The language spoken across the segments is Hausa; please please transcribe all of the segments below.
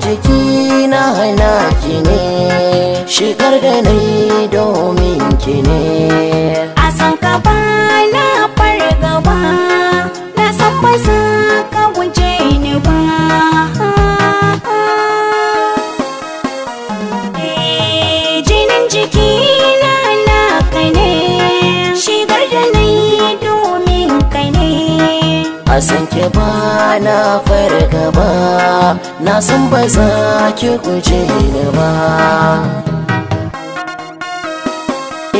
jiki na hana kine, shigar da ni domin kine. san ki ba na fargaba na san ba za ki guje ni ba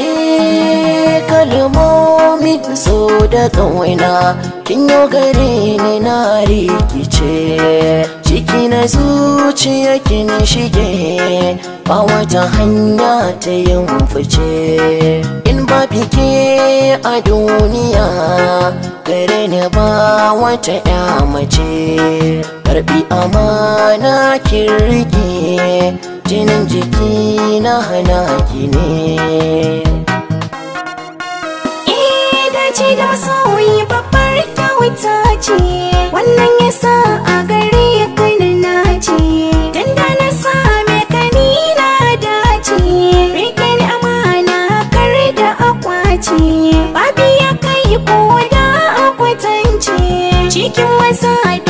e, kalmomi so da kawaina kin yau gare ni na rikice ciki na zuciya kin shige ba wata hanya ta yin fice in ba bike a duniya ni ba wata ya mace karbi amana kin rike jinin jiki na hana ki ne ce da sauyi babbar kyauta ce wannan yasa a gare ka na ce ce rike ni amana kar da akwace babi ya kai ko my side.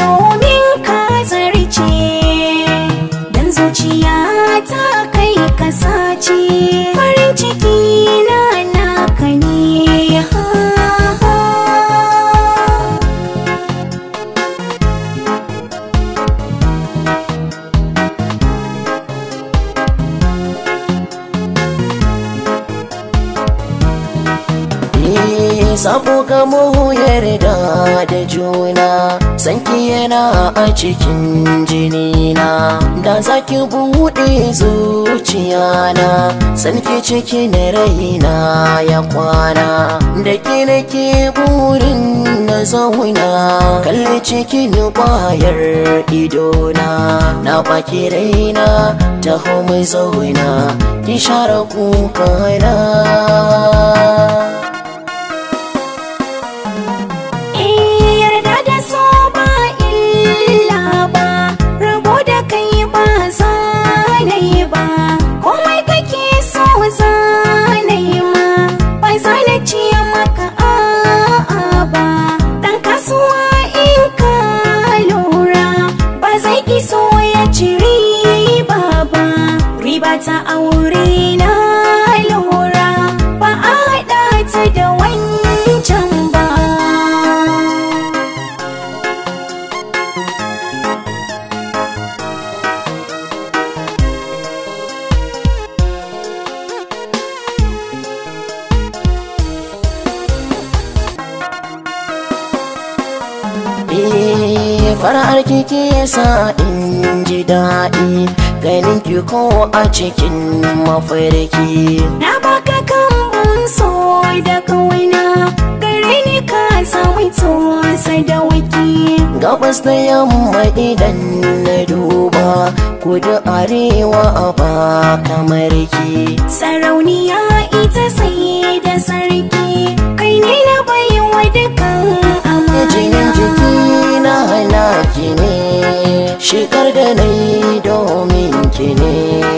sabo kamo yarda da juna sanki yana a cikin jinina da zaki buɗe zuciyana sanki cikin raina ya kwana da ke ke burin na zauna kalli cikin kwayar idona na baki raina ta mai zauna ki share na. bata ba ta na lura ba a haɗa ta da wancan ba eh, Fara'ar kike yasa in ji daɗi ganin ki ko a cikin mafarki na baka kan so da na gare ni ka samu sai da waki gabas da yamma idan na duba kudu arewa a ba kamar ki sarauniya ita sai da sarki kai ne na baiwa dukan amana jinin jiki na halaki ne shigar da na yi don bikini